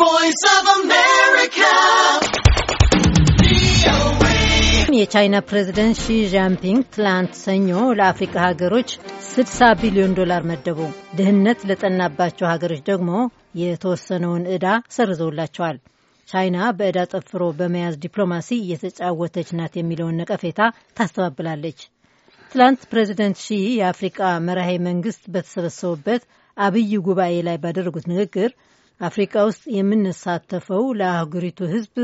voice of America. የቻይና ፕሬዝደንት ሺ ዣምፒንግ ትላንት ሰኞ ለአፍሪካ ሀገሮች 60 ቢሊዮን ዶላር መደቡ። ድህነት ለጠናባቸው ሀገሮች ደግሞ የተወሰነውን ዕዳ ሰርዘውላቸዋል። ቻይና በዕዳ ጠፍሮ በመያዝ ዲፕሎማሲ እየተጫወተች ናት የሚለውን ነቀፌታ ታስተባብላለች። ትላንት ፕሬዚደንት ሺ የአፍሪቃ መራሄ መንግስት በተሰበሰቡበት አብይ ጉባኤ ላይ ባደረጉት ንግግር አፍሪካ ውስጥ የምንሳተፈው ለአህጉሪቱ ህዝብ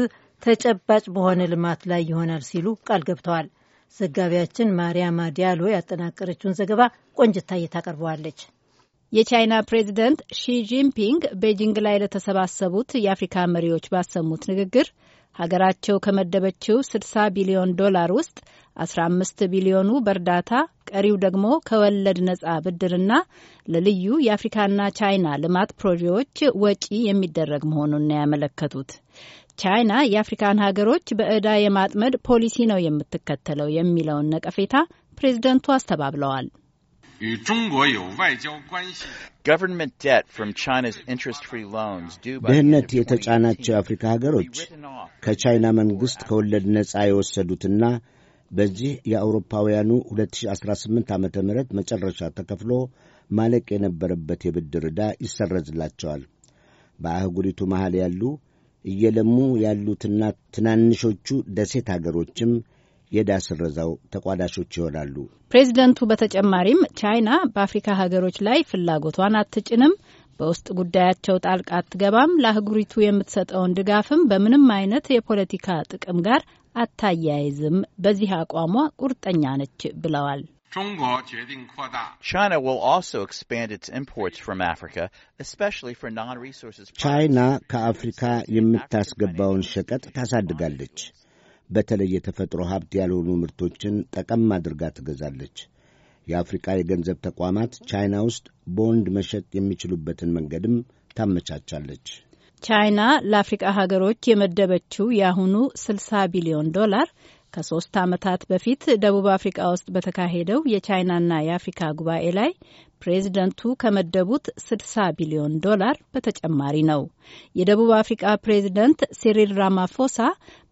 ተጨባጭ በሆነ ልማት ላይ ይሆናል ሲሉ ቃል ገብተዋል። ዘጋቢያችን ማሪያማ ዲያሎ ያጠናቀረችውን ዘገባ ቆንጅታዬ ታቀርበዋለች። የቻይና ፕሬዚደንት ሺ ጂንፒንግ ቤጂንግ ላይ ለተሰባሰቡት የአፍሪካ መሪዎች ባሰሙት ንግግር ሀገራቸው ከመደበችው 60 ቢሊዮን ዶላር ውስጥ 15 ቢሊዮኑ በእርዳታ ቀሪው ደግሞ ከወለድ ነጻ ብድርና ለልዩ የአፍሪካና ቻይና ልማት ፕሮጀክቶች ወጪ የሚደረግ መሆኑን ነው ያመለከቱት። ቻይና የአፍሪካን ሀገሮች በዕዳ የማጥመድ ፖሊሲ ነው የምትከተለው የሚለውን ነቀፌታ ፕሬዝደንቱ አስተባብለዋል። ድህነት የተጫናቸው የአፍሪካ ሀገሮች ከቻይና መንግሥት ከወለድ ነጻ የወሰዱትና በዚህ የአውሮፓውያኑ 2018 ዓ ም መጨረሻ ተከፍሎ ማለቅ የነበረበት የብድር ዕዳ ይሰረዝላቸዋል። በአህጉሪቱ መሃል ያሉ እየለሙ ያሉትና ትናንሾቹ ደሴት አገሮችም የዕዳ ስረዛው ተቋዳሾች ይሆናሉ። ፕሬዚደንቱ በተጨማሪም ቻይና በአፍሪካ ሀገሮች ላይ ፍላጎቷን አትጭንም፣ በውስጥ ጉዳያቸው ጣልቃ አትገባም፣ ለአህጉሪቱ የምትሰጠውን ድጋፍም በምንም አይነት የፖለቲካ ጥቅም ጋር አታያይዝም፣ በዚህ አቋሟ ቁርጠኛ ነች ብለዋል። ቻይና ከአፍሪካ የምታስገባውን ሸቀጥ ታሳድጋለች። በተለይ የተፈጥሮ ሀብት ያልሆኑ ምርቶችን ጠቀም አድርጋ ትገዛለች። የአፍሪካ የገንዘብ ተቋማት ቻይና ውስጥ ቦንድ መሸጥ የሚችሉበትን መንገድም ታመቻቻለች። ቻይና ለአፍሪቃ ሀገሮች የመደበችው የአሁኑ 60 ቢሊዮን ዶላር ከሶስት ዓመታት በፊት ደቡብ አፍሪቃ ውስጥ በተካሄደው የቻይናና የአፍሪካ ጉባኤ ላይ ፕሬዚደንቱ ከመደቡት 60 ቢሊዮን ዶላር በተጨማሪ ነው። የደቡብ አፍሪቃ ፕሬዚደንት ሲሪል ራማፎሳ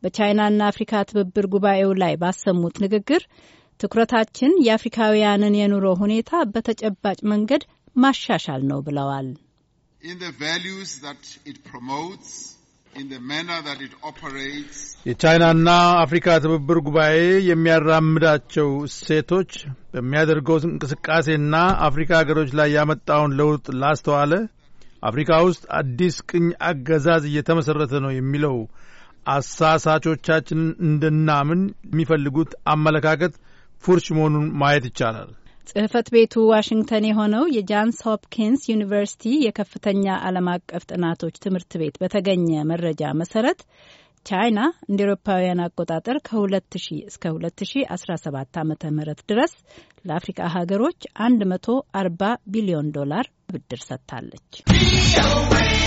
በቻይናና አፍሪካ ትብብር ጉባኤው ላይ ባሰሙት ንግግር ትኩረታችን የአፍሪካውያንን የኑሮ ሁኔታ በተጨባጭ መንገድ ማሻሻል ነው ብለዋል። የቻይናና አፍሪካ ትብብር ጉባኤ የሚያራምዳቸው እሴቶች በሚያደርገው እንቅስቃሴና አፍሪካ ሀገሮች ላይ ያመጣውን ለውጥ ላስተዋለ አፍሪካ ውስጥ አዲስ ቅኝ አገዛዝ እየተመሠረተ ነው የሚለው አሳሳቾቻችን እንድናምን የሚፈልጉት አመለካከት ፉርሽ መሆኑን ማየት ይቻላል። ጽህፈት ቤቱ ዋሽንግተን የሆነው የጃንስ ሆፕኪንስ ዩኒቨርሲቲ የከፍተኛ ዓለም አቀፍ ጥናቶች ትምህርት ቤት በተገኘ መረጃ መሰረት ቻይና እንደ ኤሮፓውያን አቆጣጠር ከ2000 እስከ 2017 ዓ ም ድረስ ለአፍሪካ ሀገሮች 140 ቢሊዮን ዶላር ብድር ሰጥታለች።